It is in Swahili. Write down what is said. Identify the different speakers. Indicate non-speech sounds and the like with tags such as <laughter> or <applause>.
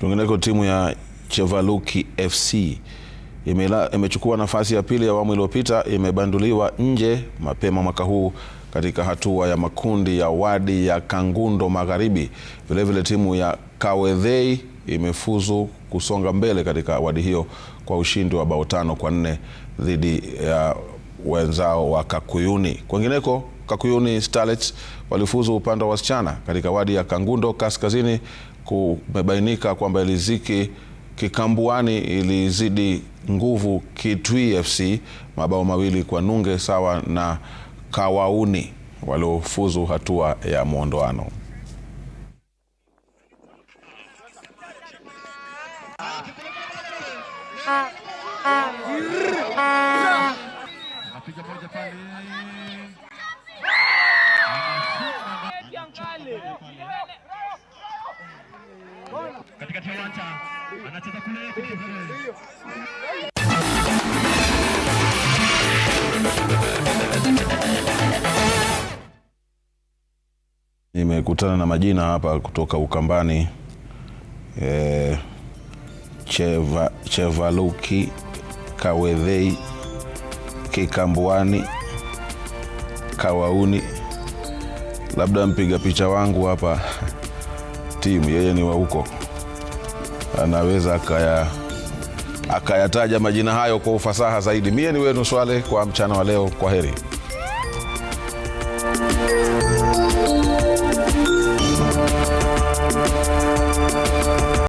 Speaker 1: Kwingineko, timu ya Chevaluki FC imechukua nafasi ya pili ya awamu iliyopita, imebanduliwa nje mapema mwaka huu katika hatua ya makundi ya wadi ya Kangundo Magharibi. Vilevile timu ya kawedhei imefuzu kusonga mbele katika wadi hiyo kwa ushindi wa bao tano kwa nne dhidi ya wenzao wa Kakuyuni. Kwengineko, Kakuyuni Starlets walifuzu upande wa wasichana katika wadi ya Kangundo Kaskazini kumebainika kwamba iliziki Kikambuani ilizidi nguvu Kitui FC mabao mawili kwa nunge sawa na Kawauni waliofuzu hatua ya mwondoano.
Speaker 2: katika uwanja anacheza kule nimekutana na majina hapa kutoka Ukambani e, Cheva, Chevaluki Kawedhei Kikambuani Kawauni, labda mpiga picha wangu hapa <laughs> timu, yeye ni wa huko anaweza akaya akayataja majina hayo kwa ufasaha zaidi. Mie ni wenu Swale kwa mchana wa leo, kwa heri.